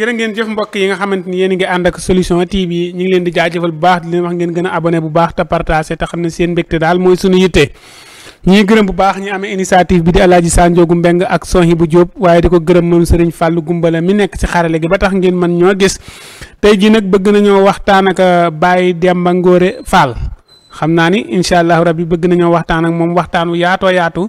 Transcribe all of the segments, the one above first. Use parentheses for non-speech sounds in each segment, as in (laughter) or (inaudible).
jërë ngeen jëf mbokk yi nga xamante ni yéen ngi ànd ak solution TV ñu ngi leen di jaajëfal bu baax di leen wax ngeen gën a abonné bu baax te partagé te xam ne seen mbégte daal mooy suñu yitte. ñuy gërëm bu baax ñi amee initiative bi di alaaji Sanjoogu Mbeng ak Sohi bu Jóob waaye di ko gërëm moom sëriñ Fàllu Gumbala mi nekk ci xarale gi ba tax ngeen mën ñoo gis tey jii nag bëgg nañoo waxtaan ak euh, Baye Demba Ngóore Fall xam naa ni incha allah rabbi bëgg nañoo waxtaan ak moom waxtaan wu yaatoo yaatu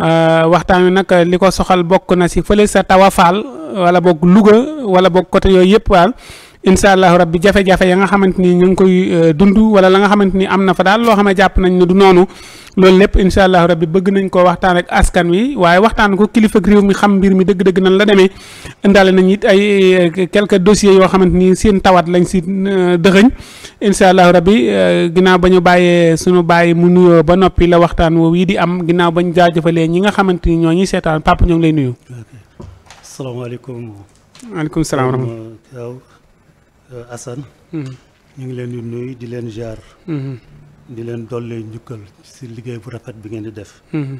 Euh, waxtaan wi nag euh, li ko soxal bokk na si fële sa tawafaal wala boog Louga wala boog côté yooyu yëpp daal incha allahu rabbi jafe-jafe ya nga xamante ni ñu ngi koy euh, dund wala la nga xamante ni am na fa daal loo xam ne jàpp nañ ne du noonu loolu lépp incha allahu rabbi bëgg nañ ko waxtaan ak askan wi waaye waxtaan ko kilifa ak réew mi xam mbir mi dëgg-dëgg la demee indaale nañ it ay euh, quelques dossiers yoo xamante ni seen tawat lañ si euh, dëxëñ incha allahu rabbi ginnaaw ba ñu bàyyee suñu bàyyi mu nuyoo ba noppi la waxtaan woow yi di am ginnaaw ba ñu jëfalee ñi nga xamante ni ñoo ñuy seetaan papa ñoo ngi lay nuyu. asalaamaaleykum. Euh, Assane. Hmm. ñu ngi leen di nuyu di leen jaar. Hmm. di leen dolli njukkal si liggéey bu rafet bi ngeen di def. Hmm.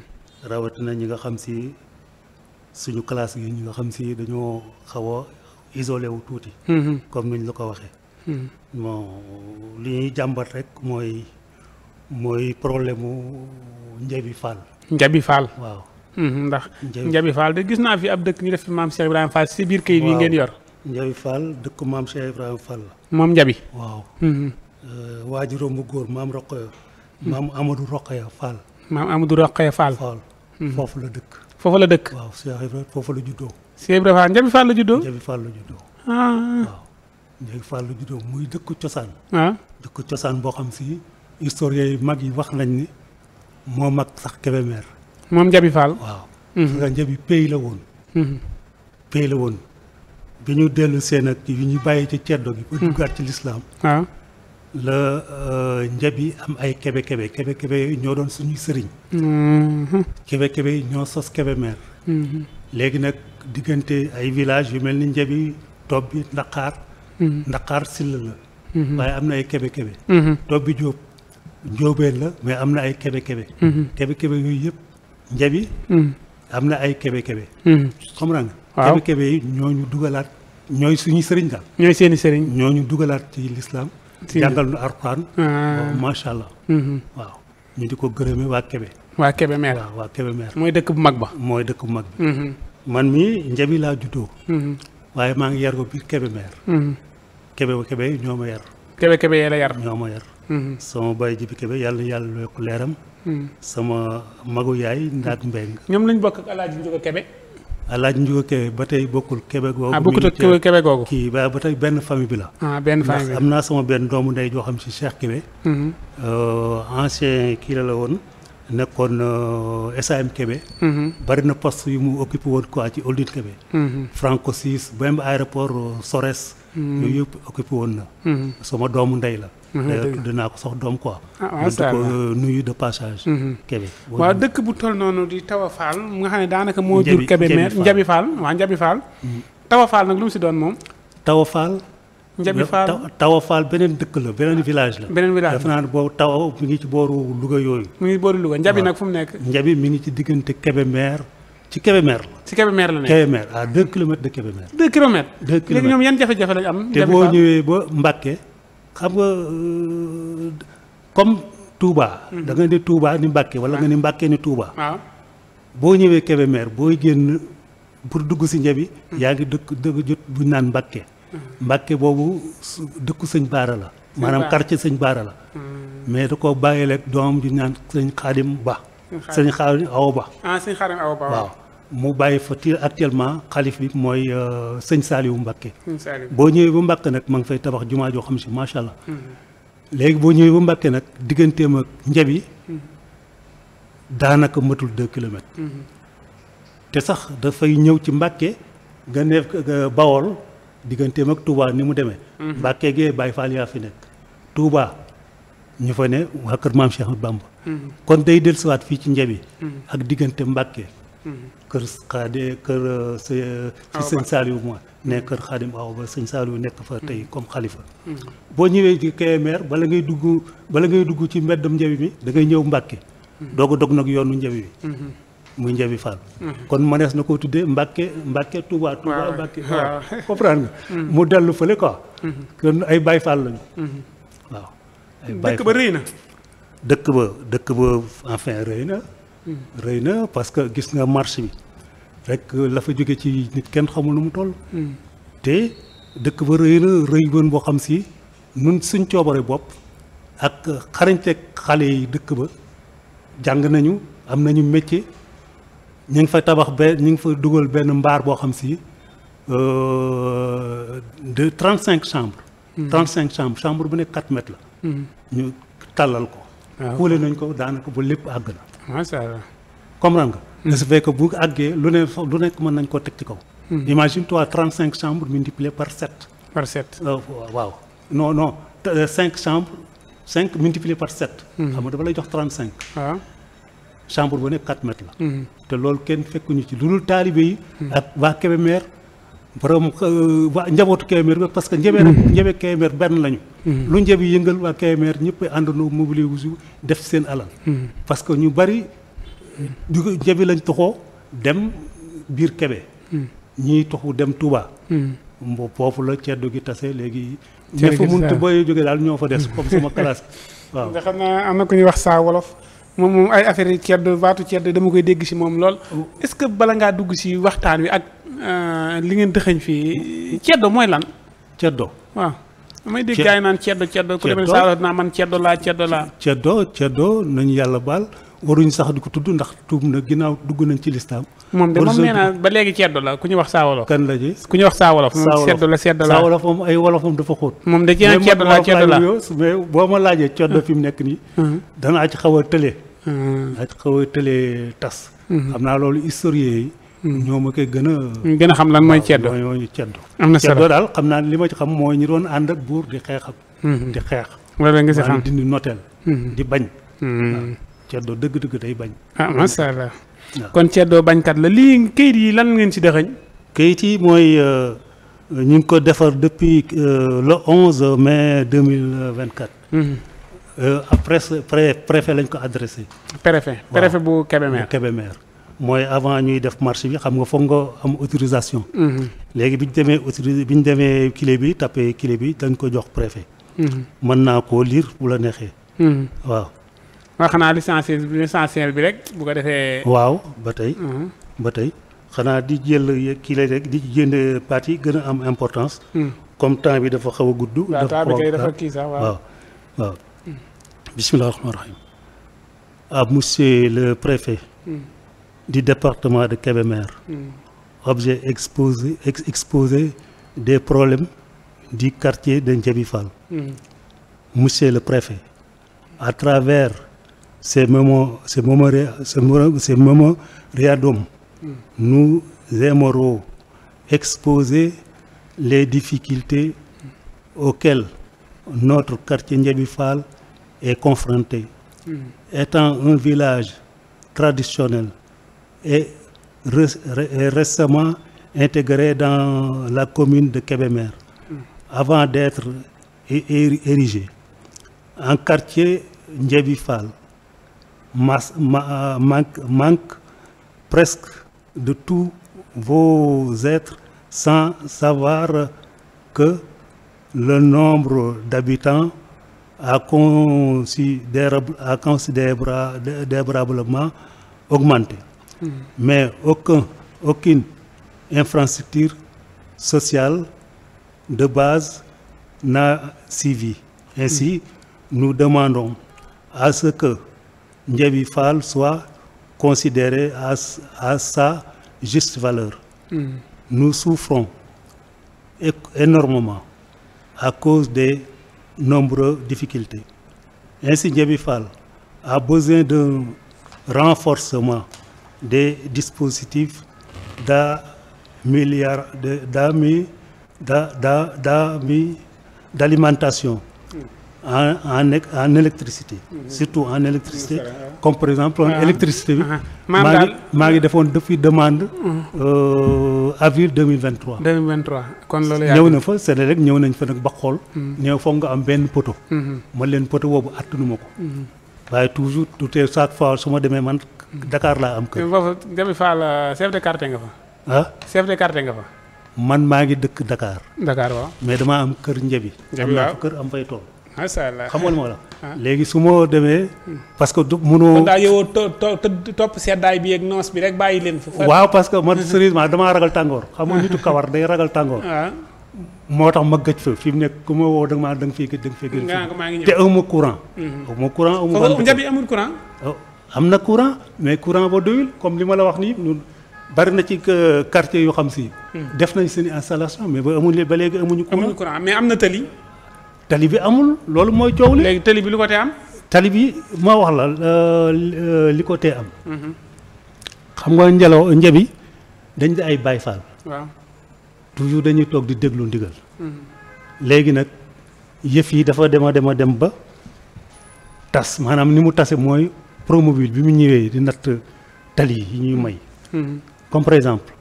rawatina ñi nga xam si suñu classe yi ñi nga xam si dañoo xaw a isolé wu tuuti. comme niñ ñu la ko waxee. bon li ñuy jàmbat rek mooy mooy problème mu Njabi Fall. Njabi Fall waaw. ndax Njabi Fall de gis naa fi ab dëkk ñu def fi maam Cheikh biir kayit yi ngeen yor. Njabi Fall dëkk maam Cheikh moom Njabi. waaw. Mhm. Euh, waajuram bu góor maam Roqaya. Mhm. maam Amadou Roqaya Fall. maam mhm. la dëkk. foofu la dëkk. la juddoo. Cheikh la juddoo. Njabi Fall la ah. muy dëkk cosaan. Ah. dëkk cosaan boo xam si historien yi mag yi wax nañ ni moo mag sax Kébémer. moom Njabi Fall. waaw. Njabi pays la woon. pays la woon. bi ñu dellu seen ak yu ñu bàyyi ci ceddo gi ba hmm. duggaat ci lislaam waaw ah. la euh, njabi am ay kebe kebe kebe kebe yooyu ñoo doon suñuy sëriñ mm-hmm. kebe kebe yi ñoo sos kebe meer mm-hmm. léegi nag diggante ay village yu mel ni njabi tob bi ndaqaar mm-hmm. ndaqaar sill la waaye am na ay kebe kebe tob kebe yooyu yëpp njabi am na ay kebe kebe comprends waaw kebe yi ñu dugalaat ñooy suñu sëriñ daal. ñooy seeni sëriñ. ñu dugalaat ci lislaam jàngal nu Alxuraan. Ah. macha allah. Mm-hmm. waaw ñu di ko gërëme waa kebe. waa kebe meer waaw mooy dëkk bu mag ba. mooy dëkk bu mag mm-hmm. man mii njabi laa juddoo. Mm-hmm. waaye maa ngi yar ko biir kebe meer. kebe ba kebe ñoo ma yar. kebe kebe yee la yar. ñoo ma yar. sama baay ji yàlla yàlla yokk leeram. sama magu yaay ndaat mbeng ñoom lañ bokk ak El Hadj Ndiouga Kebe. alaaj njuga kebe ba tey bokkul kebe googu. ah kebe googu kii ba ba tey benn famille bi la. ah benn famille bi am naa sama benn doomu ndey joo xam si Cheikh Kebe. Mm-hmm. Euh, ancien kii la la woon nekkoon euh, SAM Kebe. Mm-hmm. bari na poste yu mu occupé woon quoi ci Oldil Kebe. Mm-hmm. Franco 6 ba aéroport euh, Sores. yooyu yëpp occupé woon na. sama doomu ndey la. Mhm. Euh, dinaa ko sax doom quoi. ah di ko nuyu de passage. Mhm. Kébé dëkk bu toll noonu di Tawa mu nga xam ne daanaka moo jur. Kébé maire Njabi Fall waaw Njabi Fall. Mhm. Tawa Fall nag lu mu si doon moom. Tawa Fall. Njabi euh, Fall Tawa Fall beneen dëkk la beneen village la. beneen village la defe naa ne boobu Tawa mi ngi ci booru Louga yooyu. mu ngi booru Louga Njabi nag fu mu nekk. Njabi mi ngi ci diggante Kébé maire. ci Kébémer la. ci Kébémer la nekk Kébémer à 2 kilomètres de Kébémer. 2 kilomètres. 2 léegi ñoom yan jafe am. te boo ñëwee ba Mbacke. xam nga euh, comme Touba. Mhm. da nga ni Touba ni Mbacke wala nga ni Mbacke ni Touba. boo ñëwee Kébémer booy génn pour dugg si ñebe. Mhm. yaa ngi dëkk dëkk jot bu naan Mbacke. Mhm. Mbacke boobu dëkku sëñ Baara la. maanaam quartier sëñ Baara la. mais da koo bàyyi rek doom ju naan sëñ Xaadim Ba. sëñ Xaadim ah, Awa Ba waaw. mu bàyyi fa tiir actuellement xalif bi mooy euh, sëñ Saliou Mbacké boo ñëwee ba Mbacké nag ma ngi fay tabax jumaa joo xam si macha allah. Mm-hmm. léegi boo ñëwee bu Mbacké nag digganteem ak njabi mm-hmm. daanaka matul deux kilomètres mm-hmm. te sax dafay ñëw ci Mbacké nga neef Bawol digganteem ak Touba ni mu demee Mbacké gee Baye Fall yaa nekk Touba ñu fa ne waa kër maam Cheikh Bamba kon day dellusiwaat fii ci njabi ak diggante Mbacké kër xaade kër ci euh, euh, sëñ Saliou mooy nekk kër xaadim aw ba sëñ Saliou nekk fa tey comme xalifa boo ñëwee ci Kébémer bala ngay dugg bala ngay dugg ci mbeddam njabi mi da ngay ñëw Mbàkke doog a dog nag yoonu njabi bi muy njabi Fall kon mënees na koo tuddee Mbàkke Mbàkke Touba Touba Mbàkke waaw (laughs) mu dellu fële quoi kon ay Baye Fall lañu mm-hmm. waaw ay Baye Fall dëkk ba rëy na dëkk ba dëkk ba enfin rëy na rëy na parce que gis nga marche bi rek la fa jóge ci nit kenn xamul nu mu toll. Hmm. te dëkk ba rëy na rëy woon boo xam si nun suñ coobare bopp ak xarañteeg xale yi dëkk ba jàng nañu am nañu métier ñu ngi fa tabax benn ñu ngi fa dugal benn mbaar boo xam si euh, de trente cinq chambres. Hmm. trente cinq chambres chambre bu nekk quatre mètres la. Hmm. ñu tàllal ko. waaw ah, nañ ko daanaka ba lépp àgg na. macha allah comprendre nga. de hmm. ce fait que bu àggee lu ne lu nekk mën nañ koo teg ci kaw. Hmm. imagine toi trente cinq chambres multiplié par sept. par sept euh, waaw non non euh, cinq chambres cinq multiplié par sept. Hmm. xam nga dafa lay jox trente cinq. Ah. chambre bu nekk quatre mètres la. te loolu kenn fekkuñu ci lu dul taalibe yi. ak waa Kébémer. borom euh, waa njabootu Kébémer ba parce que njëbee rek mm-hmm. njëbee Kébémer benn lañu mm-hmm. lu njëb yëngal waa Kébémer ñëpp àndandoo mobiliser wu def seen alal mm-hmm. parce que ñu bari du lañ toxoo dem biir kebe ñiy toxu dem Touba foofu la ceddo gi tase léegi ña fa mënut bay jóge daal ñoo fa des comme sama classe (laughs) waaw nga xam naa am na ku ñuy wax saa wolof moom moom ay affaire yi ceddo baatu ceddo dama koy dégg si moom lool oh. est-ce que bala ngaa dugg si waxtaan wi ak Euh, li ngeen dëxëñ fii ceddo mooy lan. ceddo waaw. damay dégg gars yi naan ceddo ceddo ku demee saa naa man ceddo laa ceddo laa. ceddo ceddo nañu yàlla baal waruñ sax di ko tudd ndax tuub na ginnaaw dugg nañ ci listaam. moom de moom nee naa ba léegi ceddo la ku ñu wax saa wolof. kan la ji ku ñu wax saa wolof. saa wolof ceddo la ceddo la saa wolof moom ay moom dafa xóot. moom da cee naan ceddo laa ceddo la mais boo ma laajee ceddo fi mu nekk nii. Mm-hmm. danaa ci xaw a tëlee. Mm-hmm. danaa ci xaw a tëlee tas. Mm-hmm. xam naa loolu historien yi Hmm. ñoo ma koy gën a. gën a xam lan mooy ceddo waaw ceddo. am ceddo daal xam naa li ma ci xam mooy ñu doon ànd buur di xeex ak. Hmm. di xeex. loolu la nga si xam dindi noteel. Hmm. di bañ. ceddo dëgg-dëgg day bañ. ah macha allah. kon ceddoo bañkat la lii kayit yi lan ngeen si dexañ. kayit yi mooy euh, ñu ngi ko defar depuis euh, le onze mais deux mille vingt quatre. Euh, après lañ ko adressé. préfet préfet bu Kébémer bu mooy avant ñuy def marché bi xam nga foog nga am autorisation. Mhm. léegi bi ñu demee autorisé bi ñu demee clé bi tapé clé bi dañ ko jox préfet. man mhm. naa koo liir bu la neexee. Mhm. waaw. waaw xanaa l'essentiel l'essentiel bi rek bu ko defee. waaw ba tey. ba tey xanaa di jël kii lay rek di jënd pàcc yi gën a am importance. comme temps bi dafa xaw a gudd. dafa dafa kii sax waaw waaw. bisimilah rahmaani rahiim. ah le préfet. du département de Kébémer. Hmm. objet exposé ex des problèmes du quartier de Ndiabifal. Hmm. Monsieur le préfet, à travers ces mémos ces mémorandums, hmm. nous aimerons exposer les difficultés auxquelles notre quartier Ndiabifal est confronté. Étant un village traditionnel et récemment intégré dans la commune de Kébémer hmm. avant d'être érigé en quartier Ndiébi Fall mas manque, presque de tous vos êtres sans savoir que le nombre d'habitants a considérable, a considérablement augmenté mais aucun aucune infrastructure sociale de base n'a suivi. Ainsi, nous demandons à ce que Ndiaby Fall soit considéré à, sa juste valeur. Mm. Nous souffrons énormément à cause des nombreuses difficultés. Ainsi, Ndiaby Fall besoin d'un renforcement des dispositifs da milliard de d'ami da da mi d'alimentation en en en électricité. surtout en électricité comme par exemple en ah, électricité bi. Ah, ah. maam daal maa ngi maa ngi defoon depuis demande. Mm. Euh, avril 2023. 2023 kon loolu ñëw na fa rek ñëw nañ fa nag ba xool. Mm. ñëw foog nga am benn poto. Mm-hmm. man leen poto boobu attanu ma ko. Mm-hmm. waaye toujours tout chaque fois su ma demee man Dakar laa am kër. foofu Jabi euh, man maa ngi dëkk Dakar. Dakar waaw. mais damaa am kër Njabi. am naa fa kër am ma la. léegi su ma demee. Hmm. parce que du munoo. kon daa yow topp seddaay bi ak noos bi rek bàyyi leen fa. waaw que man hmm. sérieusement damaa tàngoor. xam nga nitu kawar day ragal moo tax ma gëj fa fi mu nekk ku ma woo da courant. Hmm. foofu njabi amul courant. Oh. am na courant mais courant ba doyul comme li ma la wax nii ñun bari na ci euh, quartier yoo xam si. Hmm. def nañ seen installation mais ba amuñu ba léegi amuñu. amuñu courant mais am na tali. tali bi amul loolu mooy coow li. léegi tali bi lu ko te am. tali bi ma wax la euh, li ko tee am. Hmm. xam nga njëloo njabi dañ di ay Baay Faal. waaw toujours dañuy toog di déglu ndigal. Hmm. léegi nag yëf yi dafa dema a dem dem ba tas maanaam ni mu tase mooy. promobile bi mu ñëwee di natt tali yi ñuy may. Mhm. comme par exemple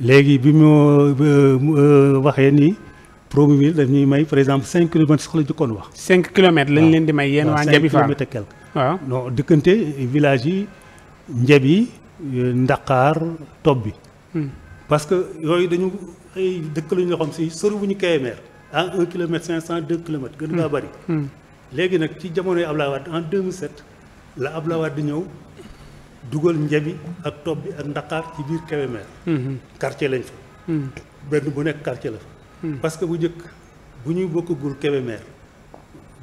léegi bi mu euh, waxee ni promobile daf ñuy may par exemple cinq kilomètres soxla jëkkoon wax. cinq kilomètres lañ leen di may. yéen waa Njabi Fall cinq kilomètres et quelque. waaw non diggante village yi Njabi euh, Tob bi. Mhm. parce que yooyu dañu ay dëkk la ñu loo si sori bu ñu KMR à un kilomètre cinq cent deux kilomètres. gën ngaa mhm. bari. léegi nag ci jamonoy Abdoulaye Wade en 2007. la Abdoulaye Wade di ñëw dugal njabi ak topp bi ak ndaqaar ci biir Kébémer mhm. quartier lañ fa mhm. benn bu nekk quartier la fa mhm. parce que bu njëkk bu ñuy bokk bokkagul Kébémer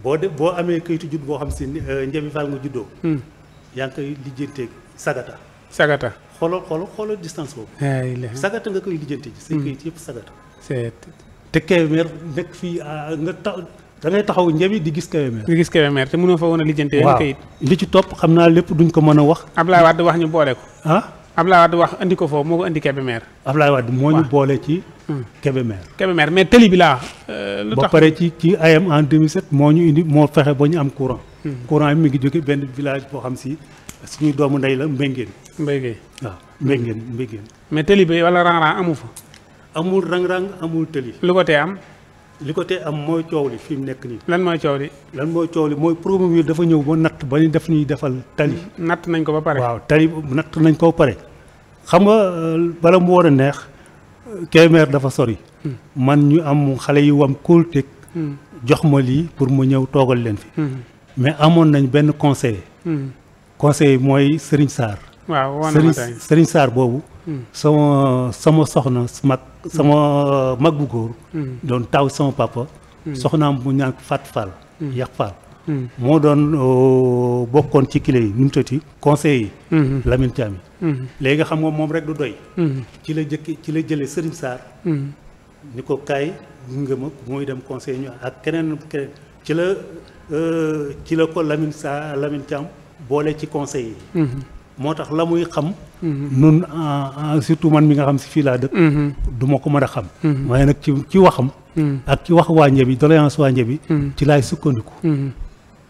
boo de boo amee kayitu judd boo xam si euh, njabi faal nga juddoo yaa ngi koy lijjantee sagata sagata xoolal xoolal xoolal distance boobu sagata nga koy lijjante ji say kayit yëpp sagata te Kébémer nekk fii euh, nga taw da ngay taxaw njëbi di gis Kébémer di gis Kébémer te mënoo fa woon a lijjante yenn kayit li ci topp xam naa lépp duñ ko mën a wax Ablaye Wade wax ñu boole ko ah Ablaye Wade wax andi ko foofu moo ko andi Kébémer Ablaye Wade moo ñu boole ci hmm. Kébémer Kébémer mais tëli bi laa euh, lu tax ba pare ci ci ayam en 2007 moo ñu indi moo fexe ba ñu am courant hmm. courant bi mi ngi jóge benn village boo xam si suñuy doomu ndey la Mbéngéen Mbéngéen waaw Mbéngéen Mbéngéen mais tëli bi wala rang amu fa amul rang-rang amul tëli lu ko tee am li ko tee am mooy coow li fi mu nekk nii. lan mooy coow li. lan mooy coow li dafa ñëw ba natt ba ñu def ñuy defal tali. natt nañ ko ba pare. waaw tali natt nañ ko ba pare. xam nga euh, bala mu war a neex. Euh, Kébémer dafa sori. Hmm. man ñu am xale yi wam kóolteeg. Hmm. jox ma lii pour mu ñëw toogal leen fi. Hmm. mais amoon nañ benn conseiller. conseiller mooy sëriñ Sarr. waaw Serigne Serigne Sarr boobu. sama sama soxna mag sama mag bu góor. Hmm. doon taaw sama papa. Hmm. soxnaam bu ñaan Fat Fall. Hmm. Yax Fall. moo doon euh, bokkoon ci kile yi nu mu tëti conseil yi. Lamine Thiam yi. léegi xam nga moom rek du doy. ci la jëkk ci la jëlee Serigne Sarr. ni ko kaay nga ma mooy dem conseil ñu ak keneen keneen ci la euh, ci la ko Lamine Sarr Lamine Thiam boole ci conseil yi. moo tax la muy xam. Mm-hmm. nun ah, ah, surtout man mi nga xam si fii laa dëkk. Mm-hmm. du ma ko mën a xam. Mm-hmm. waaye nag ci ci waxam. ak ci wax waa Ndiébi doléance waa Ndiébi. ci laay sukkandiku.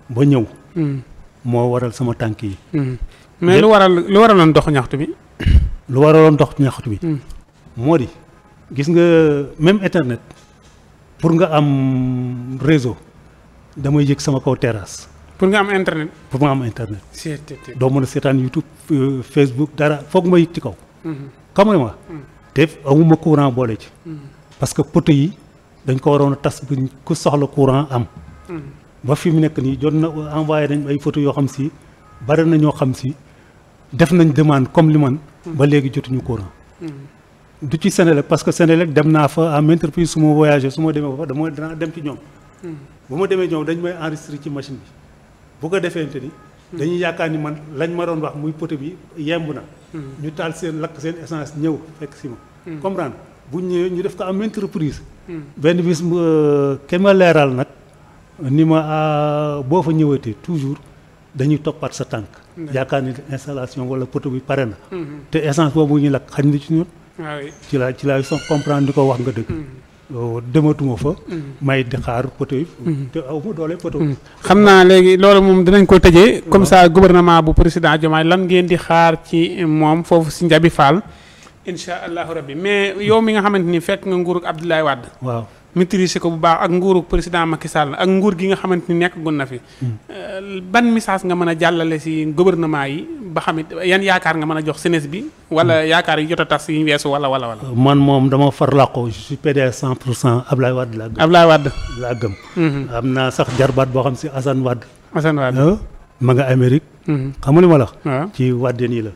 ba ñëw. moo waral sama tànk yi. mais lu waral lu waraloon dox ñaxtu bi. (coughs) lu waraloon dox ñaxtu bi. moo di gis nga même internet pour nga am réseau damay yëg sama kaw terrasse. pour nga am internet. pour nga am internet. doo mën a seetaan YouTube euh, Facebook dara foog ma yit ci kaw. Mm-hmm. xam nga ma. te mm-hmm. amuma courant boole ci. Mm-hmm. parce que poteau yi dañ ko waroon a tas bu ku soxla courant am. ba fi mu nekk nii jot na envoyé nañ ay photos yoo xam si bari na ñoo xam si def nañ demande comme li man. ba léegi jotuñu courant. du ci Sénélec parce que Sénélec dem naa fa am entreprise su ma voyagé su ma demee fa dama dana dem ci ñoom. bu ma demee ñoom dañ may enregistré ci machine bi. bu ko defeente ni dañuy yaakaar ni man lañ ma doon wax muy poté bi yemb na hmm. ñu taal seen lakk seen essence ñëw fekk si ma hmm. comprendre bu ñëwee ñu def ko am entreprise hmm. benn bis euh, kenn ma leeral nag ni ma ah, boo fa ñëwatee toujours dañuy toppaat sa tànk yaakaar ni installation wala poté bi pare na te essence boobu ñu lakk xañ ni ci ñun ah ci laa ci laay so comprendre ni ko wax nga dëgg dematuma fa. Mm-hmm. may di xaar Poteau. Mm-hmm. te doole Poteau. Mm-hmm. xam naa léegi loolu moom dinañ ko tëje comme sa gouvernement bu président Diomaye lan ngeen di xaar ci moom foofu si Njabi Fall. incha allahu rabbi mais yow mi nga xamante ni fekk nga nguurug Abdoulaye Wade. waaw. maîtriser ko bu baax ak nguuru président Macky Sall ak nguur gi nga xamante ni nekk gun na fi. Hmm. Euh, ban message nga mën a jàllale si gouvernement yi ba xamit yan yaakaar nga mën a jox jeunesse bi. wala hmm. yaakaar yi jot a tax tas yi weesu wala wala wala. Euh, man moom dama farlaqoo je suis PDS 100 pour cent Ablaye Wade laa gëm. Ablaye Wade laa gëm. Hmm. am naa sax jarbaat boo xam si Assane Wade. Assane ah, ma nga Amérique. xam nga li ah. ci Wade nii la.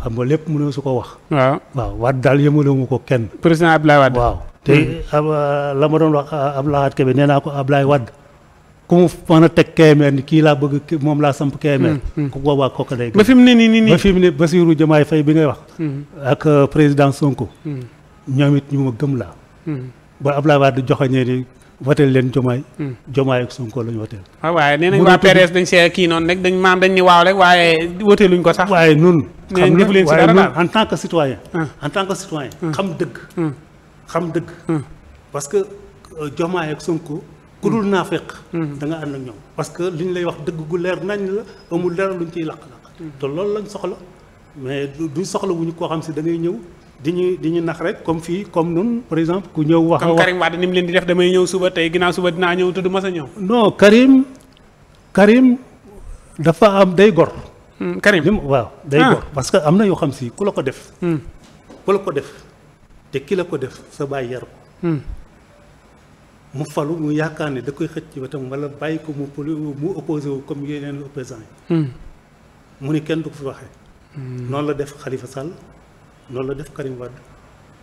xam nga lépp mënoo su ko wax. waaw ah. waaw Wade daal yëmale mu ko kenn. président Ablaye Wade waaw. te mm-hmm. ah, la ma doon wax ah, ab laxaat ke bi nee naa ko Ablaye Wade ku mu mën a teg Kébémer ni kii laa bëgg moom laa samp Kébémer mm-hmm. ku boobaa kooka day ba fi mu ne nii nii nii ba fi mu ne Bassirou Diomaye Faye bi ngay wax mm-hmm. ak euh, président Sonko ñoom it ñu ma gëm laa ba Ablaye Wade joxoñee ni wateel leen Diomaye Diomaye ak Sonko la ñu wateel waaw ah, waaye nee nañ waa PDS dañ see kii noonu rek dañ maam dañ ni waaw rek waaye wateeluñ ko sax waaye nun xam nga waaye nun en tant que mm. xam dëgg. Hmm. parce que euh, Diomaye ak Sonko. ku dul hmm. naa fekk. Hmm. da nga ànd ak ñoom parce que li ñu lay wax dëgg gu leer nañ la amul leer luñ ciy laq-laq. te loolu lañ soxla mais duñ soxla wuñu koo xam si da ngay ñëw. di ñuy di ñu nax rek comme fii comme nun par exemple ku ñëw wax. comme Karim Wade leen di def damay ñëw suba tey ginnaaw suba dinaa ñëw tudd ma sa ñëw. non Karim dafa am day gor. Karim waaw day ah. gor parce que am na yoo xam si ku la ko def. ku la ko def. te ki la ko def sa bàyyi yar hmm. mu falu mu yaakaar ne da koy xëcc ci wetam wala bàyyi ko mu poli mu opposé comme yeneen opposants yi hmm. mu ni kenn du ko fi waxee hmm. noonu la def Khalifa Sall noonu la def Karim Wade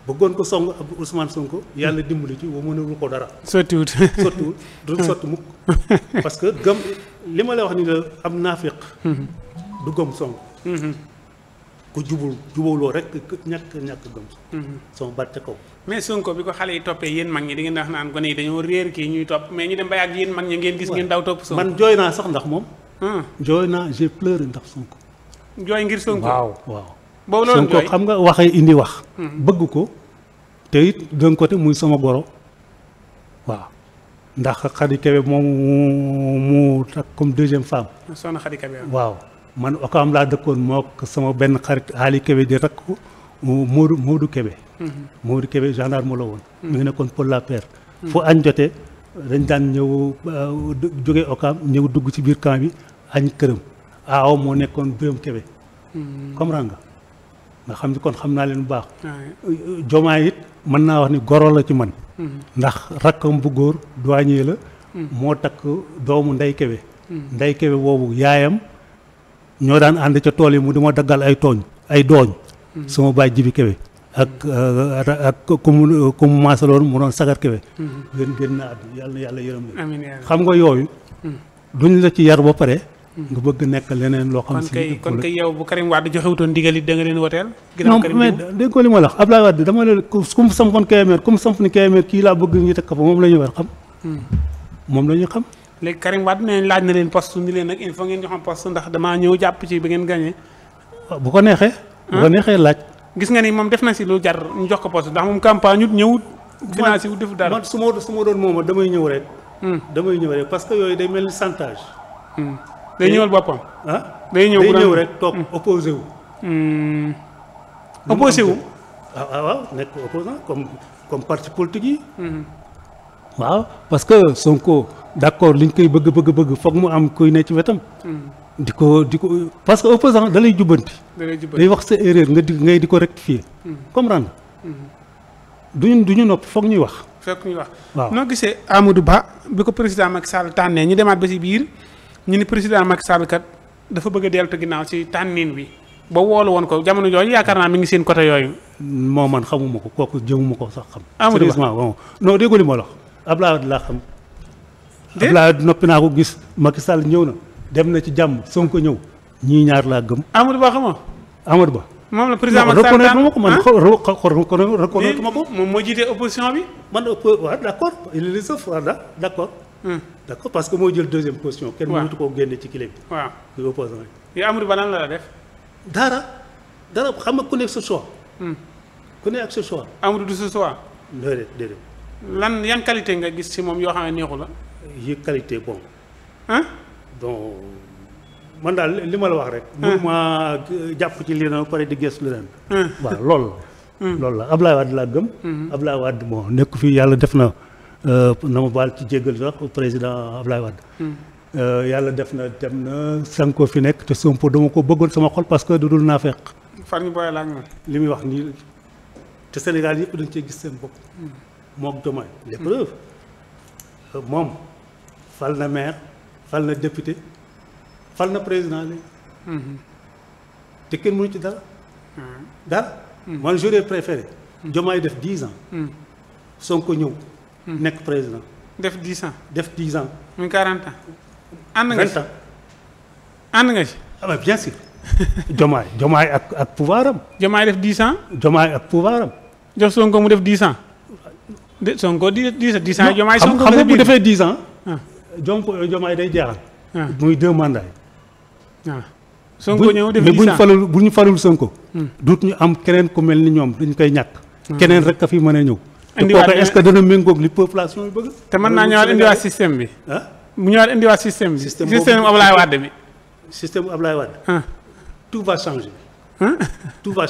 bëggoon ko song ab Ousmane Sonko yàlla dimbali ci wa mënewul ko dara sottiwut sottiwul du sotti mukk (laughs) parce que gëm li ma lay wax ni la am naafiq du gëm song ku jubul jubuloo rek ñàkk ñàkk gëm sa sama baat ca kaw mais Sonko bi ko xale yi toppee yéen mag ñi di ngeen wax naan gone yi dañoo réer kii ñuy topp mais ñu dem ba yàgg yéen mag ñi ngeen gis ngeen daw topp Sonko man jooy naa sax ndax moom jooy naa j'ai pleuré ndax Sonko jooy ngir Sonko waaw waaw boobu loolu jooy Sonko xam nga waxee indi wax bëgg ko te it d'un côté muy sama goro waaw ndax Khady Kébé moom mu takk comme deuxième femme waaw man Ouakam laa dëkkoon mook sama benn xarit Ali Kébé di rakk Moodu Moodu Kébé. Mhm. Moodu Kébé gendarme la woon. Mhm. ñu ngi nekkoon pour la paix. Mhm. fu añ jotee dañ daan ñëw euh, jóge Ouakam ñëw dugg ci biir camp bi añ këram aaw moo nekkoon Birame Kébé. comprendre nga nga xam ni kon xam naa leen bu baax. Euh, jomaa it mën naa wax ni goro la ci man. ndax rakkam bu góor douanier la. moo takk doomu Ndey Kébé. Ndey Kébé boobu yaayam. ñoo daan ànd ca tool yi mu di ma daggal ay tooñ ay dooñ mm-hmm. sama baay jibi kebe euh, ak ak ku mu ku mu maasaloon mu doon sagar kebe na àddu yàlla na yàlla yërëm la xam nga yooyu mm. duñ la ci yar ba pare mm. nga bëgg nekk leneen loo xam si kon kay kon bu Karim Wade joxewutoon ndigal yi da nga leen woteel non mais dégg ko li ma la wax Abdoulaye dama ne ku mu sampoon Kébémer ku mu samp ni kii laa bëgg ñu teg ko fa moom la ñuy war xam mm. moom la ñuy xam léegi Karim Wade nee laaj na leen poste ni leen nag il faut ngeen joxam poste ndax damaa ñëw jàpp ci bi ngeen gagné. bu ko neexee. bu ko neexee laaj. gis nga ni moom def na si lu jar ñu jox ko poste ndax moom campagne ñut ñëwut. financé wu def dara man ma su ma doon moom damay ñëw rek. Hmm. damay ñëw rek parce que yooyu day mel ni chantage. Hmm. day ñëwal boppam. ah day ñëw day ñëw rek toog hmm. opposé wu. opposé wu. Ah, ah waaw nekk comme comme parti politique yi. parce que Sonko. d'accord liñ koy bëgg bëgg bëgg foog mu am kuy ne ci wetam. Hmm. di ko di ko parce que opposant da lay jubbanti. day wax sa erreur nga di ngay di ko rectifier. Hmm. comprendre hmm. du ñu nopp foog ñuy wax. fekk ñuy wax waaw noo gisee Amadou Ba bi ko président Macky Sall tànnee ñu demaat ba si biir ñu ni président Macky Sall kat dafa bëgg a dellu ginnaaw si tànnin bi ba woolu woon ko jamono yooyu yaakaar naa mi ngi seen côté yooyu. moo man xamuma ko kooku jëmuma ko sax xam. Amadou Ba sérieusement non déggu la Abdoulaye noppi naa ko gis Macky Sall ñëw na dem na ci jàmm Sonko ñëw ñii ñaar laa gëm. Amadou Ba xamoo. Amadou Ba. moom la président Macky Sall daan non ah? reconnaître ma ko moom moo jiite opposition bi. parce que moo jël deuxième position. kenn Ba lan la la def. dara dara xam nekk sa choix. Hmm. ku nekk ak sa choix. Amadou du sa choix. lan yan qualité nga gis ci moom yoo xam ne la. yi qualité bon ah daal li ma la wax rek mënu ma jàpp ci lii na pare di gëstu leen waaw loolu la loolu la Ablaye Wade laa gëm Ablaye Wade moo nekk fii yàlla def na euh, na ma baal ci jéggal sax président Ablaye Wade euh, yàlla def na dem na Sonko fi nekk te Sonko dama ko bëggoon sama xol parce que du dul naa fekk far ñu li muy wax nii te Sénégal yëpp dañ cee gis seen bopp mook Diomaye l'épreuve euh, moom fal na maire fal na député fal na président léegi. Mhm. te kenn mënu ci dara. Mhm. dara. Mhm. man j'aurais préféré. Diomaye def dix ans. Sonko ñëw. nekk président. def dix ans def dix ans. muy quarante ans. ànd nga ci ànd nga ci. ah bien sûr. (laughs) Diomaye Diomaye ak pouvoir am. Diomaye def dix ans. Diomaye ak pouvoir am. jox mu def dix ans. de Sonko di dix ans Diomaye Sonko defee dix ans. Jonko Jomaay euh, day jeexal. Ah. muy deux mandats yi. waaw ah. Sonko ñëw def mais bu ñu falul bu ñu falul Sonko. Hmm. duut ñu am keneen ku mel ni ñoom dañ koy ñàkk. Hmm. keneen rek ka fi mën a ñëw. indiwaat te kooku est-ce que dana méngóog li te mën naa ñëwaat indiwaat système bi. ah mu ñëwaat indiwaat système bi. système boobu système Ablaye Wade bi. système Ablaye Wade. Ah. tout va changer. tout va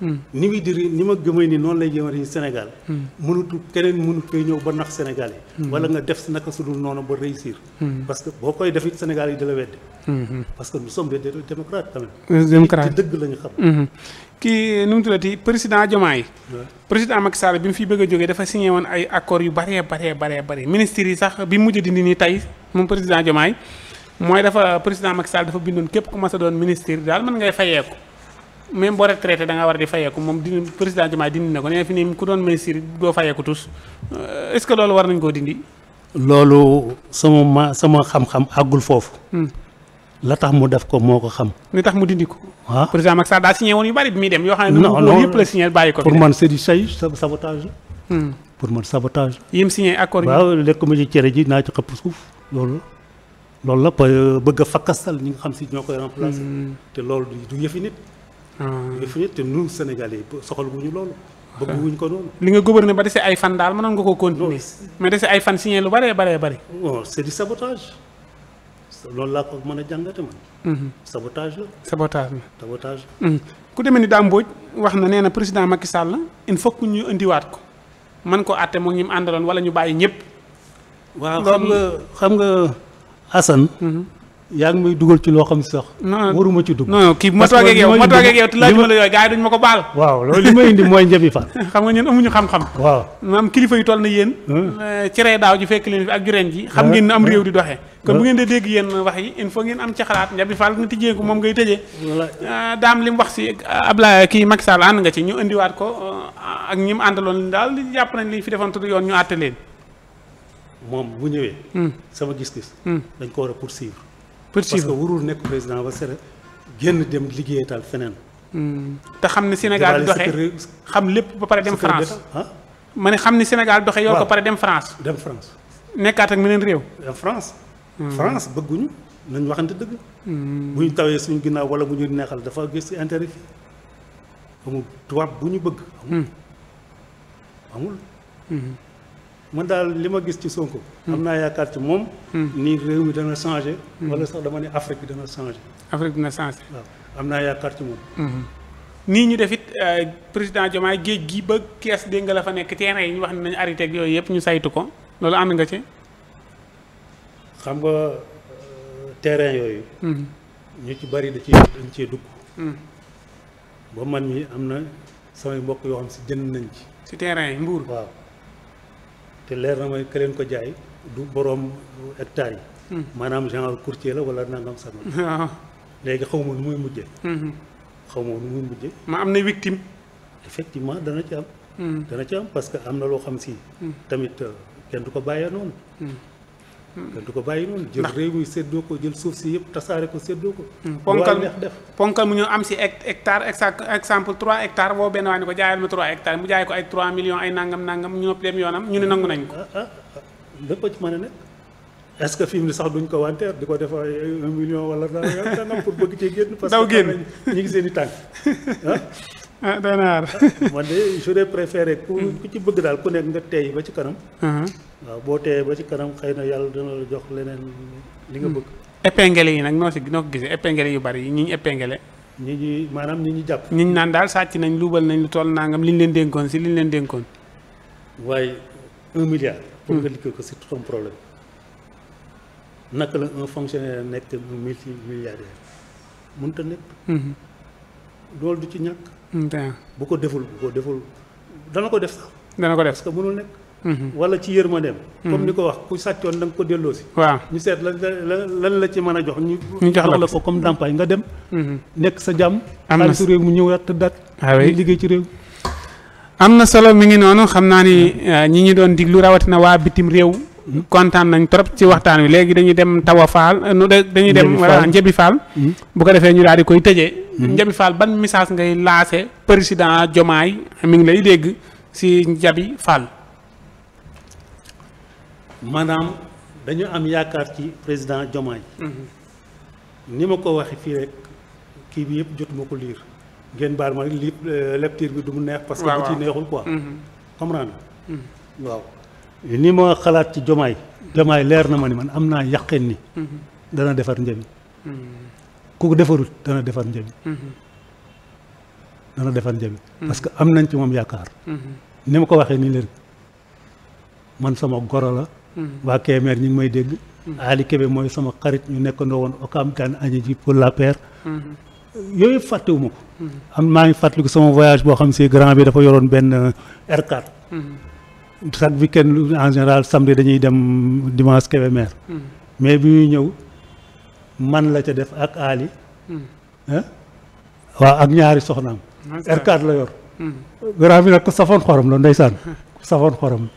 ni muy diri ni ma gëmee ni noonu lay jëmale Sénégal. mënutu keneen mënut koy ñëw ba nax Sénégal yi. wala nga def naka su dul noonu ba réussir. parce que boo koy def it Sénégal yi da la parce que nous sommes des démocrates quand même. démocrates ci dëgg la ñu mhm. kii nu mu tuddati président Diomaye. président Macky Sall bi mu fi bëgg a jógee dafa signé woon ay accords yu baree baree baree baree ministres yi sax bi mujj dindi nii tey moom président Diomaye mooy dafa président Macky Sall dafa bindoon képp ku mas a doon ministre daal mën ngay fayeeku même boo retraité da ngaa war di fayeeku moom di président Diomaye dindi na ko nee fi ni ku doon ministre doo fayeeku tous euh, est-ce que loolu war nañ koo dindi. loolu sama ma sama xam-xam àggul foofu. Hmm. la tax mu def ko moo ko xam. li tax mu dindi ko. waaw ah. président Macky Sall daa signé woon yu dem. yoo xam ne loolu yëpp la signé bàyyi ko. pour man c'est hmm. pour man sabotage la. yim signé accord lekk ma ci cere ji naa ci xëpp suuf loolu. loolu la bëgg a sal ñi nga xam si ñoo koy remplacer. Hmm. te loolu du yëfi nit. defu ah. ñu te ñun Sénégalais yi soxal wuñu loolu. Ah. bëgg wuñ ko noonu. li nga gouverner ba desee ay fan daal mënoon nga ko continuer. mais dese ay fan signé lu bare baree bari. bon c'est du sabotage. loolu laa ko mën a jàngate man. sabotage mhm. sabotage la sabotage mhm. ku demee ni Dame Mbodj wax na nee na président Macky Sall il faut que ñu indiwaat ko man ko àtte moom ñi mu àndaloon wala ñu bàyyi ñëpp. waaw xam nga xam nga Assane. Mhm. yaa ngi may dugal ci loo xam sax. waruma ci dugg. non kii ma toogee ak yow ma toogee ak yow te laajuma la yooyu gars yi duñ ma ko baal. waaw loolu li may indi mooy njabi fan. (laughs) xam nga ñun amuñu xam-xam. waaw maanaam kilifa yu toll na yéen. Eh, cere daaw ji fekk leen fi ak jureen xam ngeen ne am réew di doxee. kon bu ngeen di dégg yéen wax yi il faut ngeen am ci xalaat njabi fall nga tijjee ko moom ngay tëjee. Eh, daam li mu wax si eh, Ablaye kii Macky Sall ànd nga ci ñu indiwaat ko ak ñi mu àndaloon daal jàpp nañ li fi defoon tudd yoon ñu àtte leen moom bu ñëwee hmm. sama gis-gis hmm. dañ ko war parce que warul nekk président ba sere génn dem liggéeyatal feneen. Hmm. te xam ne Sénégal doxe xam lépp ba pare dem France ah? ma ne xam ne Sénégal doxe yow ko pare dem France. dem France. nekkaat ak meneen réew. dem France. Hmm. France bëgguñu nañ waxante dëgg. Hmm. bu ñu tawee suñu ginnaaw wala bu ñu neexal dafa gis intérêt fii amul bu ñu bëgg. amul. man daal li ma gis ci Sonko. Hmm. am naa yaakaar ci moom. Hmm. nii réew mi dana changé. Hmm. wala sax dama ne Afrique bi dana changé. Afrique dina changé. waaw am naa yaakaar ci moom. nii ñu def it euh, président Diomaye géej gi ba kees dégg nga la fa nekk terrain yi ñu wax ne nañu arrêté ak yooyu yëpp ñu saytu ko loolu ànd nga ci. xam nga euh, terrain yooyu. ñu ci bari da ci dañ cee dugg. ba man ñi am na samay mbokk yoo xam si jën nañ ci. ci terrain yi Mbour te leer na mooy ka ko jaay du borom hectare yi. Hmm. maanaam genre courtier la wala nangam sangam. Ah. léegi xaw ma nu muy mujjee. Hmm. xaw ma nu muy mujjee. ma am na victime. effectivement dana ci am. Hmm. dana ci am parce que am na loo xam si. tamit euh, kenn du ko bàyyee noonu. Hmm. te du ko bàyyi noonu jël réew mi séddoo ko jël suuf si yëpp tasaare ko séddoo ko hmm. ponkal def mu ñu am si ectare exemple trois hectares boo benn waay ne ko jaayal ma trois hectares mu jaay ko ay trois millions ay nangam nangam ñu nopp dem yoonam ñu ne nangu nañ ko ah, ah, ah. lépp ci a nekk est-ce que film sax duñ ko wanteer di ko def ay un million wala dangam pour bëgg cee génn parce que daw génn ñu ngi seen i tànk (laughs) ah day naar (laughs) man de j'aurais préféré hmm. ku ci bëgg daal ku nekk nga tey ba ci kanam. Uh-huh. waaw boo teeyee ba ci kanam xëy na yàlla dina la jox leneen li nga hmm. bëgg. épinglé yi nag noo si noo ko gisee épinglé yu bari yi ñi ñu épinglé. ñi ñi maanaam ñi ñu jàpp. ñi ñu naan daal sàcc nañ luubal nañ lu toll nangam li ñu leen dénkoon si li ñu leen dénkoon. waaye un milliard. pour hmm. nga liggéey ko c'est tout problème. naka la un fonctionnaire nekk multi milliardaire mënut nekk. loolu bu ko deful bu ko deful dana ko def sax. dana ko def parce que mënul nekk. Mhm. wala ci dem mhm. comme ni ko wax ku sàccoon da nga ko delloo si. waaw ñu seet la lan la ci mën a jox ñu. ñu jox la ko comme ndàmpaay nga dem. Mhm. nekk sa jàmm. am na réew mu ñëwaat tëddaat. waaw ah liggéey ci réew. am na solo mi ngi noonu xam naa ni hmm. euh, ñi ñu doon diglu rawatina waa bitim réew. kontaan nañ trop ci waxtaan wi léegi dañuy dem Tawa Fall euh, nu de dañuy dem voilà Njabi Fall hmm. bu ko defee ñu daal di koy tëjee hmm. Njabi Fall ban message ngay laase président jomaa Diomaye mi ngi lay dégg si Njabi Fall maanaam dañu am yaakaar ci président Diomaye hmm. ni ma ko waxe fii rek kii bi yëpp jotuma ko liir ngeen baal ma li euh, lecture bi du mu neex parce que bu ci neexul quoi comprendre waaw li ma xalaat ci jomaay jomaay leer na ma ni man am naa yaqin ni mm-hmm. dana defar njëriñ mm-hmm. ku ko defarul dana defar njëriñ mm-hmm. dana defar njëriñ parce que am nañ ci moom yaakaar ni ma ko waxee nii léegi man sama goro la waa Kemer ñu ngi may dégg Ali Kébé mooy sama xarit ñu nekkandoo woon Okam daan añi ji pour la paire yooyu fàttewuma ko am maa ngi fàttaliku sama voyage boo xam si grand bi dafa yoroon benn euh, r chaque week-end en général samedi dañuy dem dimanche Kébémer hmm. mais bi ñuy ñëw man la ca def ak Ali hmm. waaw ak ñaari soxnaam r la yor hmm. grand yi nag ko safoon xorom la ndeysaan ku safoon xorom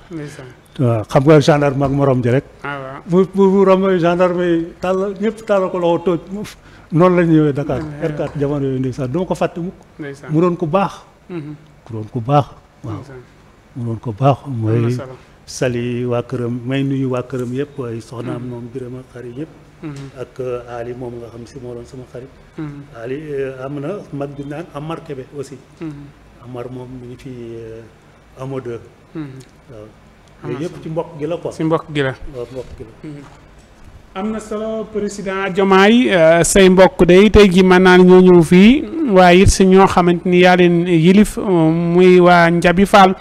waaw xam nga gendarme ak morom ji rek ah, bu bu romb gendarme yi tàll ñëpp tàll ko loxo tooj noonu la ñu ñëwee Dakar ah, R4 jamono yooyu ndeysaan du ko fàtte mukk mu doon ku baax ku doon ku baax waaw mënoon ko baax mooy sali waa këram may nuyu waa këram yëpp waaye soxnaam mm-hmm. moom biram a xari mm-hmm. ak uh, Ali moom nga xam si moo doon sama xarit mm-hmm. Ali uh, am na mag bi naan Amar Kebe aussi Amar moom mu ngi fi uh, Amode waaw yooyu yëpp ci mbokk gi la quoi si am na sa président Diomaye say mbokk day tey ji mën naan ñoo ñëw fii waaye it si ñoo xamante ni yaa leen yilif muy waa Njabi Fall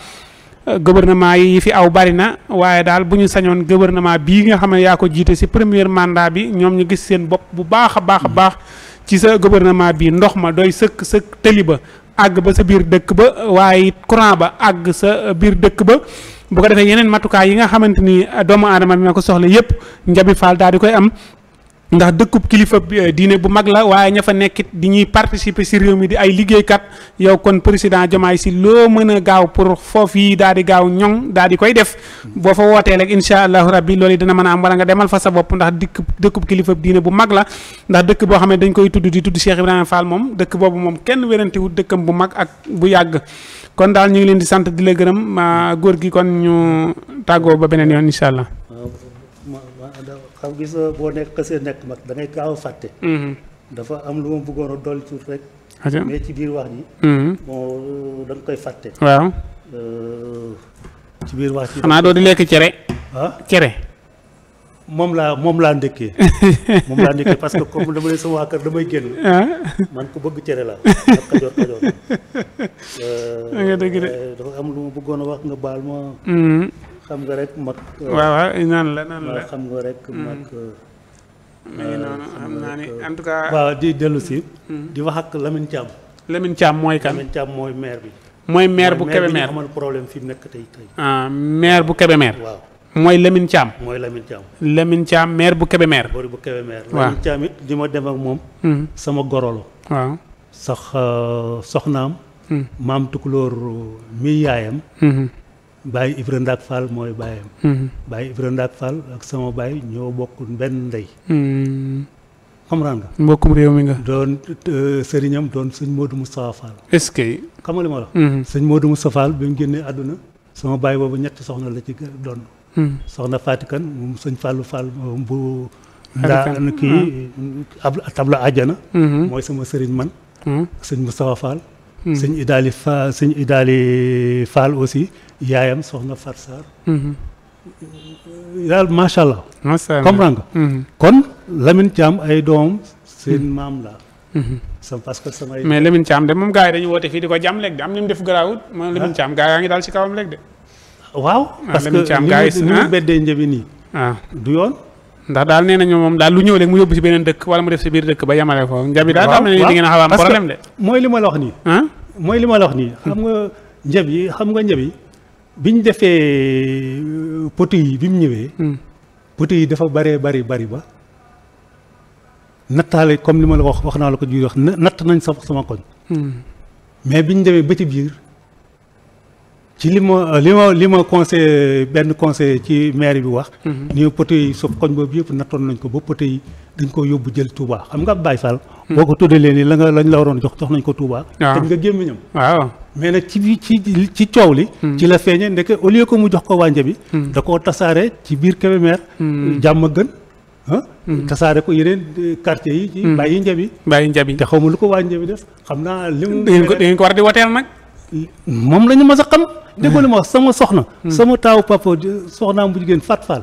gouvernement yi fi aw bari na waaye daal bu ñu sañoon gouvernement bii nga xam ne yaa ko jiite si première mandat bi ñoom ñu gis seen bopp bu baax a baax a baax ci sa gouvernement bi ndox ma doy sëkk sëkk tëli ba àgg ba sa biir dëkk ba waaye it courant ba àgg sa biir dëkk ba bu ko defee yeneen matukaay yi nga xamante ni doomu aadama bi ko soxla yépp Njabi Fall daal di koy am ndax dëkkub kilifa euh, diine bu mag la waaye ña fa nekkit di ñuy participer si réew mi di ay liggéeykat yow kon président Diomaye si loo mën a gaaw pour foofu yi daal di gaaw ñoŋ daal di koy def boo fa wootee rek incha allahu rabbi loolu dana mën a am wala nga demal fa sa bopp ndax dikk dëkkub kilifa diine bu mag la ndax dëkk boo xam ne dañ koy tudd di tudd Cheikh Ibrahima Fall moom dëkk boobu moom kenn wérantewul dëkkam bu mag ak bu yàgg kon daal ñu ngi leen di sant di la gërëm góor gi kon ñu tàggoo ba beneen yoon incha xam gis boo nekk xësee nekk mag da ngay fàtte. Mhm. dafa am lu ma bëggoon a dolli tuuti rek. mais ci biir wax ji. Mhm. bon da koy fàtte. waaw. Euh, ci biir wax ji. xanaa doo di lekk cere. ah cere. moom laa moom laa ndëkkee (laughs) moom laa parce que comme dama ne sama damay génn. Ah? man ko bëgg cere laa ak kajoor kajoor. (laughs) nga dëgg de euh, euh, dafa am lu ma bëggoon a wax nga baal ma. Mhm. xam nga rek mag. waaw waaw naan la naan la xam nga rek mm. mag. mi euh, ngi noonu xam naa ni en tout cas. waaw di dellu si. Mm. di wax ak Lamine Thiam. Lamine Thiam mooy kan Lamine Thiam mooy maire bi. mooy maire bu Kébémer maire bi amal problème fi mu nekk tey tey. ah maire bu Kébémer. waaw mooy Lamine Thiam. mooy Lamine Thiam. Lamine Thiam maire bu Kébémer. boori bu Kébémer. waaw Lamine Thiam it di ma dem ak moom. Mm. sama gorolo. waaw sax euh, soxnaam. maam tukulóor mi yaayam. Mm-hmm. Baye Ibra Ndak Fall mooy baayam. Mm-hmm. Baye Ibra Ndak Fall ak sama baay ñoo bokk benn ndey. Mm-hmm. comprendre nga. mbokkum réew mi nga. doon euh, sëriñam doon sëñ Modou Moustapha Fall. est-ce que. xam nga li la wax. Mm-hmm. sëñ Modou Moustapha Fall bi mu génnee àdduna. sama baay bu. ndaa kii tabla àjjana. mooy sama sëriñ man. sëñ Moustapha Fall. sëñ Idaali Fall sëñ Idaali Fall aussi. yaayam soxna Farsar. Mm-hmm. daal macha allah. macha allah comprendre nga. Mm-hmm. kon Lamine Thiam ay doom seen mm-hmm. maam la sam parce que samay. mais Lamine Thiam de moom gars yi dañu woote fii di ko jàmm léegi de am na mu def ah. si kawam léegi de. waaw ah, parce que li mu ah. beddee njëbi nii. waaw du yoon. ndax daal nee nañu moom daal lu ñëw léegi mu yóbbu si beneen dëkk wala mu def si biir dëkk ba yemale foofu. njabi daal am na ni da ngeen a xaw a de. mooy li wax nii. mooy li wax nii. xam nga hmm. njab xam nga njab bi ñu defee euh, poteau yi bi mu ñëwee. Hmm. poteau yi dafa bare bari bari ba nattaale comme li ma la wax wax naa la ko ji wax natt nañ sa sama koñ. Hmm. mais bi ñu demee ba ci biir ci li ma li ma li ma conseil benn conseil ci maire bi wax. Hmm. ni poteau yi koñ boobu yëpp nattoon nañ ko ba poteau dañ koo yóbbu jël Touba xam nga Baye Fall. boo ko tuddalee nii la nga lañ la waroon jox jox nañ ko Touba. waaw ah. te nga gémmiñam waaw mais nag ci ci ci coow li. Hmm. ci la feeñee ndeke au lieu que mu jox ko wànja bi. Hmm. da koo tasaare ci biir Kébémer. Hmm. jàmm gën. ah tasaare ko yeneen eh, quartier yi. ci bàyyi njabi. bàyyi njabi te xaw ma lu ko waa njabi def xam naa. li mu dangeen ko dangeen ko war di wateel nag. moom la ñu mës a xam. dégg ma sama soxna. sama taawu papa soxnaam bu jigéen Fat Fall.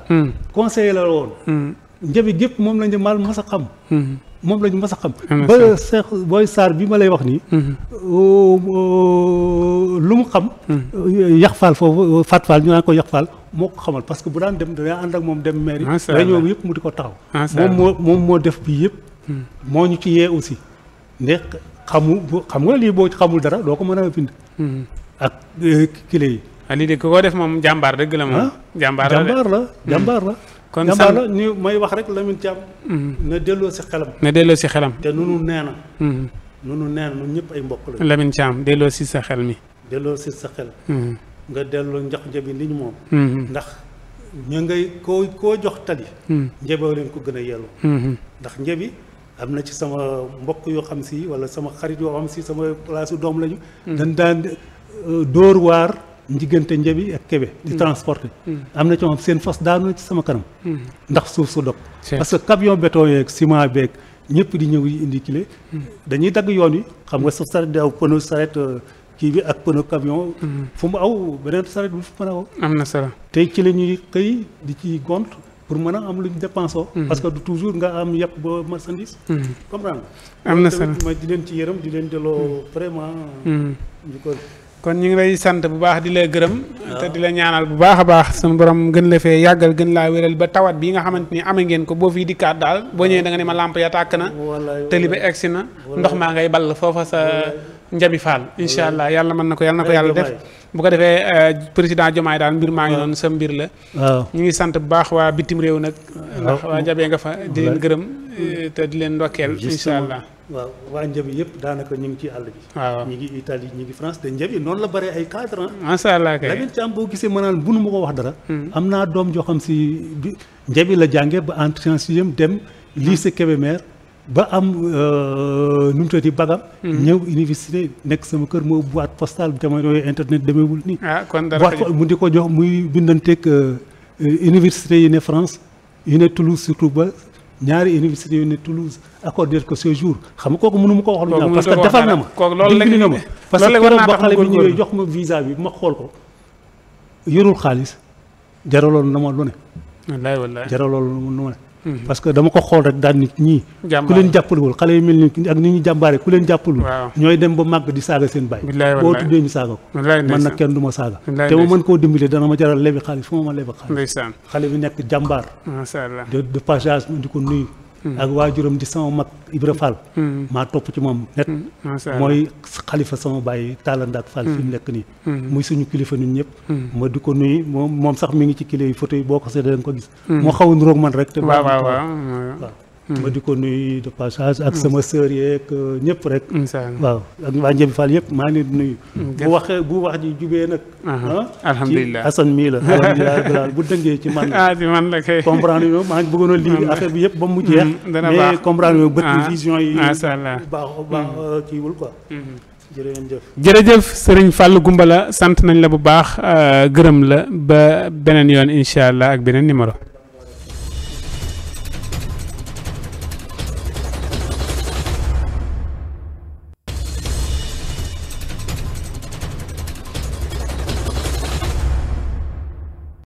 njabi gépp moom lañu mal mas a xam mhm. moom lañu mas a xam ba Seex Booy Saar bii ma lay wax nii mhm. euh, euh, lu mu xam mhm. euh, yax faal foofu faat faal ñu naan ko yax faal moo ko xamal parce que bu daan dem dana ànd ak moom dem mairie day ñoom yëpp mu di ko taxaw moom moo moom moo def bi yëpp moo ñu ci yee aussi ndax xamu xam nga lii boo ci xamul dara doo ko mën a bind ak kile yi ah, lii de ko def moom jàmbaar dëgg la moom ah? jàmbaar la jàmbaar la kon sànq may wax rek Lamine Thiam. Mm-hmm. na delloo si xelam. na delloo si xelam. te nunu nee na. Mm-hmm. nunu nee ñëpp ay mbokk la. Lamine Thiam delloo si sa xel mi. delloo si sa xel. Mm-hmm. nga delloo njox njabi li ñu moom. ndax ñu ngay koo koo jox tali. njaboo leen ko gën a yelloo. ndax njabi am na ci sama mbokk yoo xam si wala sama xarit yoo xam si sama place doom lañu. dañ daan euh, dóor waar. njigante njëbi ak kebe di mm. transporter mm. am na ci moom seen fas daanu ci sama kanam mm. ndax suuf su dog parce que camion béton yeeg ciment beeg ñëpp di ñëw yi indi kile dañuy dagg yoon yi xam nga sa saret di aw pneu saret euh, kii bi ak pneu camion fu mu aw beneen saret bi fu mën a aw tey ci la ñuy xëy di ci gont pour mën a am luñ dépensoo parce que du toujours nga am yàpp ba marchandise comprendre am na solo ma di leen ci yërëm di leen delloo vraiment ñu kon ñu ngi lay sant bu baax di la gërëm. Ah. te di la ñaanal bu baax a baax suñu borom gën la fee yàggal gën laa wéral ba tawat bi nga xamante ni amee ngeen ko boo fii dikkaat daal boo ñëwee da nga ne ma làmp ya tàkk na. tëli ba egsi na ndox maa ngay ball foofa sa njabi faal. incha allah yàlla mën na ko yàlla ko bu ko defee euh, président Diomaye daal mbir maa ngi ah. noonu sa mbir la. Ah. ñu ngi sant bu baax waa bitim réew nag. ndax waa jabee nga fa di leen gërëm euh, te di leen ndokkeel. incha waaw waa Njëbi yëpp daanaka ñu ngi ci àll bi. waaw ñu ngi Italie ñu ngi France te Njëbi noonu la bare ay cadre ah. macha allah kay Lamine Thiam boo gisee ma naan bunu ma ko wax dara. Hmm. am naa doom joo si bi la jàngee ba entretien sixième dem lycée Kébémer ba am euh, nu mu tuddati bagam. Hmm. ñëw université nekk sama kër moo boîte postale jamono yooyu internet demeewul nii. ah kon dara mu di ko jox muy bindanteeg euh, euh, université yi ne France yi ne Toulouse surtout ba. ñaari université yu ne Toulouse accordé ko ce jour xam nga kooku mënu ma ko wax lu ñaaw parce que defal na ma dimbali na ma parce que keroog ba xale bi ñëwee jox ma visa bi ma xool ko yorul xaalis jaraloon na ma lu ne jaraloon na ma lu ne Mhm. parce que dama ko xool rek nit ñii ku leen jàppalewul xale yu mel ni ak ni ñu jàmbaare ñooy dem ba màgg di saaga seen baay boo tuddee ñu saaga man nag kenn du ma saaga te ma mën koo dimbale dana ma jaral lebi xaalis fu ma ma lebi xaalis xale bi nekk jàmbaar de passage di ko Mm-hmm. ak waajuram di sama mag Ibra Fall mm-hmm. maa topp ci moom net mm-hmm. mooy xalifa sama bàyyi Taalandaak Fall fi mu nekk nii muy suñu kilifa ñun ñëpp ma di ko nuyu moom sax mu ngi ci kilifa yi photo yi boo ko seetee da ko gis moo xawoon roog man rek te waaw waaw waaw Hmm. ma di ko nuyu de passage ak hmm. sama sœur yeeg euh, ñëpp rek. waaw ak waa Ndiébi Fall yëpp maa ngi nuyu. Hmm, bu waxee bu wax ji jubee nag. alhamdulilah ci Assane mii la. (laughs) alhamdulilah bu dëngee ci man. ah ci man maa ngi bëggoon a lii affaire bi yëpp ba mu jeex. mais comprendre nga bët ah, vision yi. macha allah baax baax euh, kiiwul quoi. jërëjëf jërëjëf sëriñ Fallou la sant nañ la bu baax euh, gërëm la ba beneen yoon incha allah ak beneen numéro.